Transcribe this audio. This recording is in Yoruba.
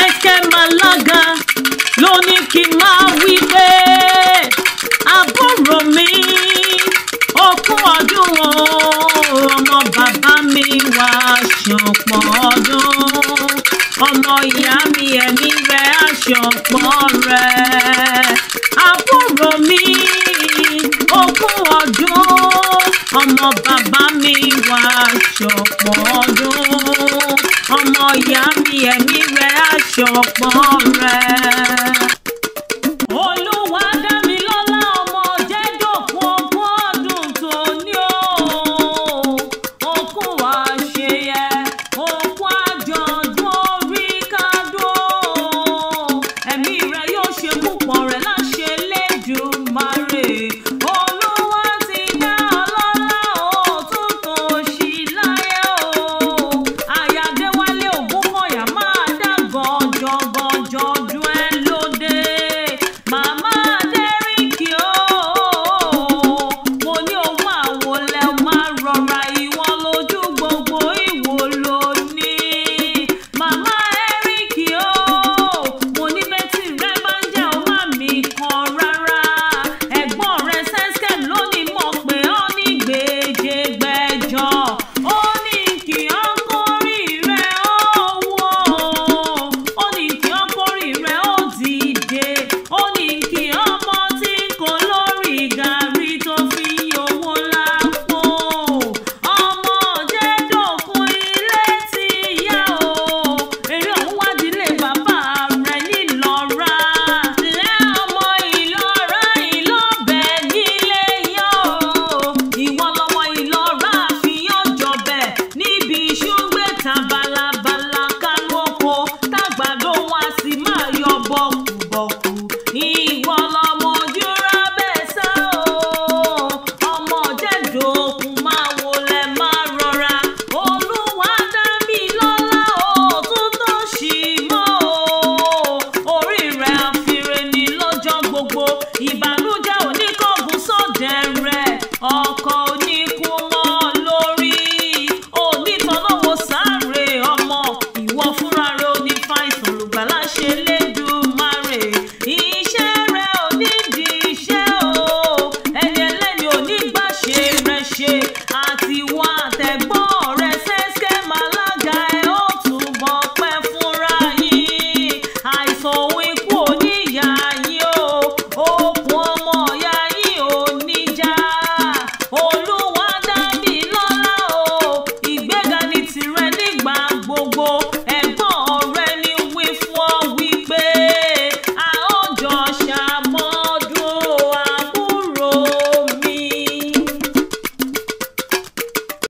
kẹ́kẹ́ màlága ló ní kí n máa wí pé àbúrò mi okùn ọdún ọmọ bàbá mi wá ṣọ̀pọ̀ ọdún ọmọ ìyá mi ẹ̀mí rẹ̀ àṣọ̀pọ̀ rẹ̀ àbúrò mi ogún ọdún ọmọ bàbá mi wá ṣọ̀pọ̀ ọdún ọmọ ìyá mi ẹ̀mí rẹ̀. çok bore